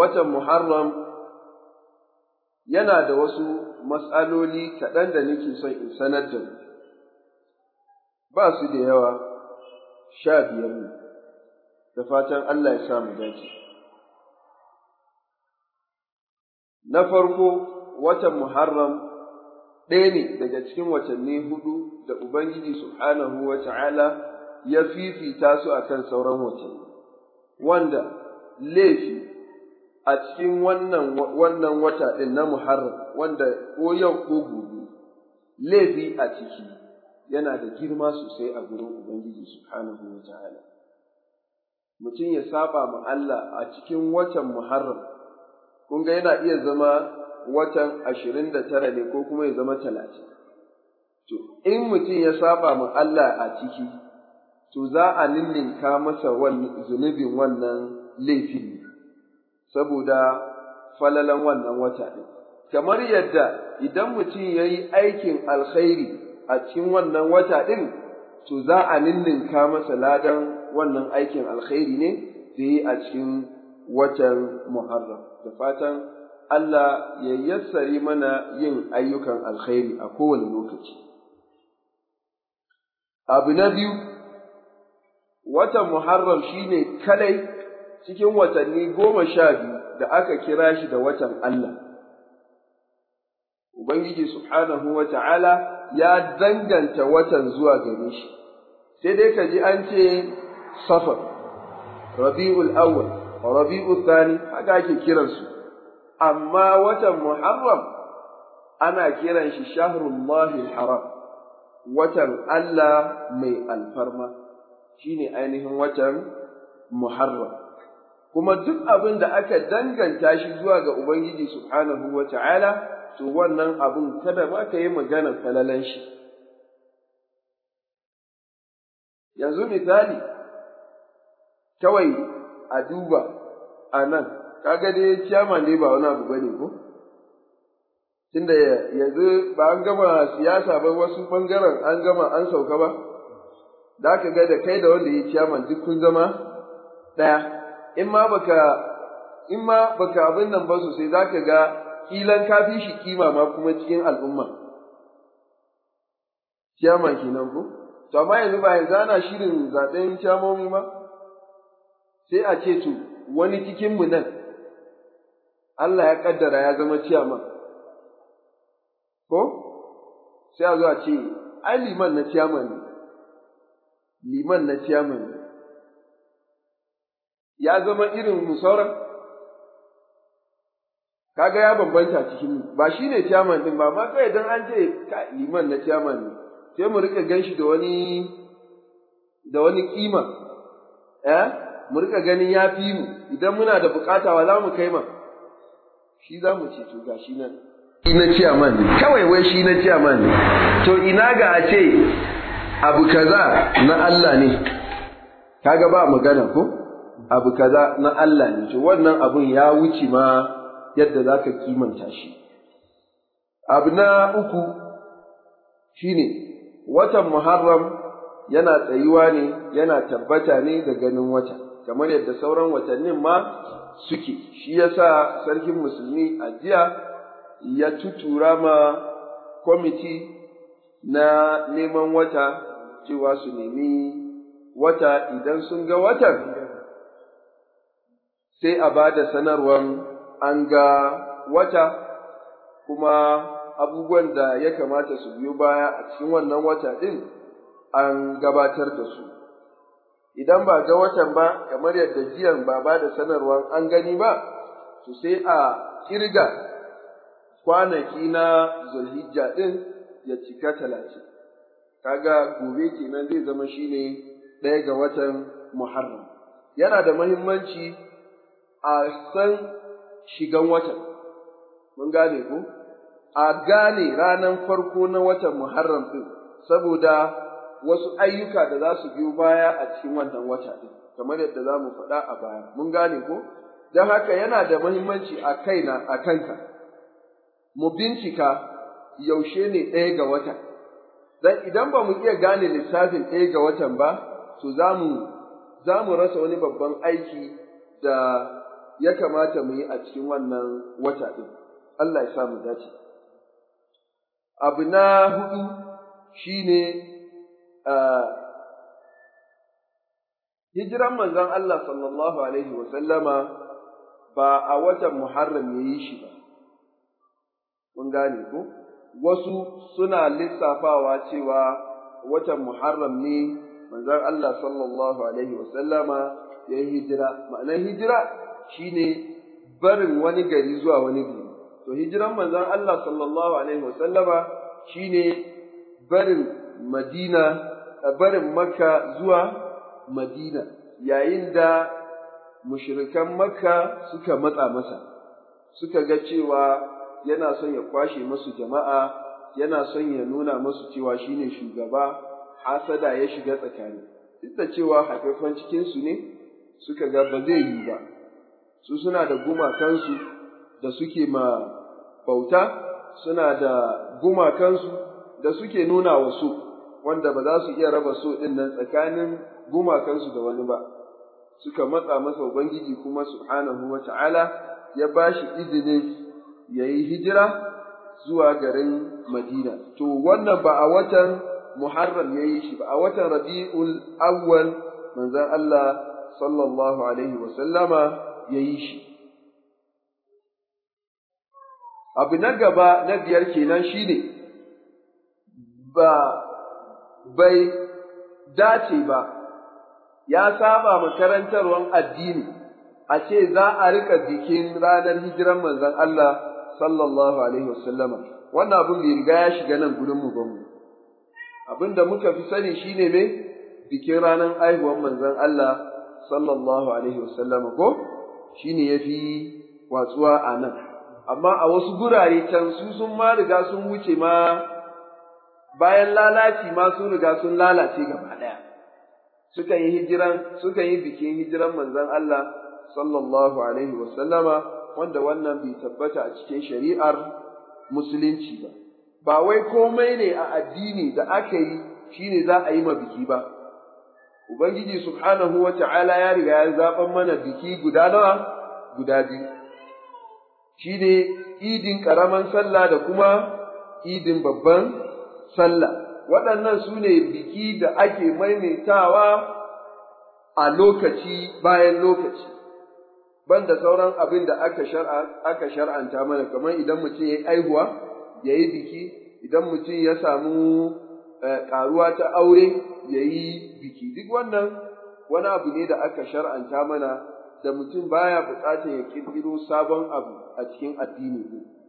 watan Muharram yana da wasu matsaloli kaɗan da nake son in sanar da mu, ba su da yawa sha biyar ne, da fatan Allah ya sa mu dace. Na farko, watan Muharram ɗaya ne daga cikin watanni hudu da Ubangiji Subhanahu wa ta'ala ya fifita su akan sauran watanni, wanda laifi a cikin wannan wata ɗin na Muharram wanda ko yau ko gobe laifi a ciki yana da girma sosai a gurin Ubangiji subhanahu wa ta'ala. Mutum ya saba ma Allah a cikin watan Muharram, kun ga yana iya zama watan ashirin da tara ne ko kuma ya zama talatin. To, in mutum ya saba ma Allah a ciki, to za a ninninka masa zunubin wannan laifin ne. saboda falalan wannan wata ɗin. Kamar yadda idan mutum ya yi aikin alkhairi a cikin wannan wata ɗin, to za a ninninka masa ladan wannan aikin alkhairi ne da yi a cikin watan Muharram. Da fatan Allah ya yassare mana yin ayyukan alkhairi a kowane lokaci. Abu na biyu, watan Muharram shi ne kalai cikin watanni goma sha biyu da aka kira shi da watan Allah. Ubangiji Subhanahu wa ta'ala ya danganta watan zuwa gare shi, sai dai ka ji an ce safar, rabi'ul awwal, rabi'ul thani haka ake kiransu, amma watan Muharram ana kiran shi shahrullahil haram, watan Allah mai alfarma, shine ainihin watan Muharram. kuma duk abin da aka danganta shi zuwa ga Ubangiji subhanahu wa ta'ala, to wannan abin kada ba ka yi maganar falalan shi. Yanzu misali, kawai a duba a nan, kaga dai ciyama ne ba wani abu bane ko? Tunda yanzu ba an gama siyasa ba wasu bangaren an gama an sauka ba, da ka ga da kai da wanda ya ciyaman duk kun zama ɗaya. in ma baka in ma baka abin nan ba sosai zaka ga kilan ka fi shi kima ma kuma cikin al'umma kiyama kenan ko to amma yanzu ba yanzu ana shirin zaben kiyamomi ma sai a ce to wani cikin mu nan Allah ya kaddara ya zama ciyama ko sai a zo a ce ai liman na ciyama ne liman na ciyama ne ya zama irin mu sauran kaga ya bambanta cikin mu ba ne chairman din ba ma kai dan an ce ka liman na chairman ne sai mu rika ganshi da wani da wani kima eh mu rika ganin ya fi mu idan muna da bukata wa za mu kai ma shi za mu ce to gashi nan shi na chairman ne kawai wai shi na chairman ne to ina ga a ce abu kaza na Allah ne kaga ba magana ko abu kaza na Allah ne to wannan abun ya wuce ma yadda za ka kimanta shi abu na uku shine watan muharram yana tsayuwa ne yana tabbata ne da ganin wata kamar yadda sauran watannin ma suke shi yasa sarkin musulmi a jiya ya tutura ma kwamiti na neman wata cewa su nemi wata idan sun ga watan sai a ba da sanarwan an ga wata kuma abubuwan da ya kamata su biyo baya a cikin wannan wata ɗin an gabatar da su. Idan ba ga watan ba, kamar yadda jiyan ba ba da sanarwar an gani ba, to sai a kirga kwanaki na zulhijja ɗin ya cika talatin. Kaga gobe kenan zai zama shine ɗaya ga watan Muharram. Yana da muhimmanci. a san shigan watan, mun gane ku? A gane ranar farko na watan Muharram ɗin, saboda wasu ayyuka da za su biyo baya a cikin wannan wata ɗin, kamar yadda za mu faɗa a baya, mun gane ku? Don haka yana da muhimmanci a kaina a kanka, mu bincika yaushe ne ɗaya ga wata, Dan idan ba mu iya gane lissafin ɗaya ga watan ba, to za mu rasa wani babban aiki da ya kamata mu yi a cikin wannan wata ɗin, Allah ya sa mu dace. Abu na hudu shi ne hijiran manzon Allah sallallahu Alaihi wasallama ba a watan Muharram ya yi shi ba, kun gane ko? Wasu suna lissafawa cewa watan Muharram ne manzon Allah sallallahu Alaihi wasallama ya yi hijira, ma'anar hijira shine barin wani gari zuwa wani gari to hijiran manzon Allah sallallahu alaihi wasallama shine barin Madina barin Makka zuwa Madina yayin da mushrikan Makka suka matsa masa suka ga cewa yana son ya kwashe masu jama'a yana son ya nuna masu cewa shine shugaba hasada ya shiga tsakani duk da cewa haifafan cikinsu ne suka ga ba zai yi ba su suna da gumakansu da suke ma bauta suna da gumakansu da suke nuna wa su wanda ba za su iya raba so ɗin nan tsakanin gumakansu da wani ba suka matsa masa ubangiji kuma subhanahu wa ta'ala ya ba shi izini ya yi hijira zuwa garin madina to wannan ba a watan muharram ya yi shi ba a watan rabi'ul awwal manzan Allah sallallahu alaihi wa sallama ya shi. Abu na gaba na biyar kenan shi ne, ba bai dace ba, ya saba makarantarwar addini, a ce za a rika bikin ranar hijiran manzon Allah sallallahu Alaihi wasallama, wannan abin da riga ya shiga nan gudunmu ba mu. Abin da muka fi sani shi ne mai bikin ranar aihuwar manzon Allah sallallahu Alaihi wasallama ko? shine fi watsuwa a nan amma a wasu gurare can su sun ma riga sun wuce ma bayan lalaci ma sun riga sun lalace gaba ɗaya Suka yi hijiran suka yi bikin hijiran manzon Allah sallallahu alaihi wasallama wanda wannan bai tabbata a cikin shari'ar musulunci ba ba wai komai ne a addini da aka yi shine za a yi ma biki ba Ubangiji subhanahu wa ta'ala ya riga ya zaɓan mana biki guda nawa guda biyu, shi ne idin ƙaraman sallah da kuma idin babban sallah. Waɗannan su ne biki da ake maimaitawa a lokaci bayan lokaci, Ban da sauran abin da aka shar'anta mana, kamar idan mutum ya yi aihuwa, ya yi biki, idan mutum ya samu eh, ƙaruwa ta aure. ya yi biki duk wannan wani abu ne da aka shar'anta mana da mutum baya buƙatar ya ƙirƙiro sabon abu a cikin addini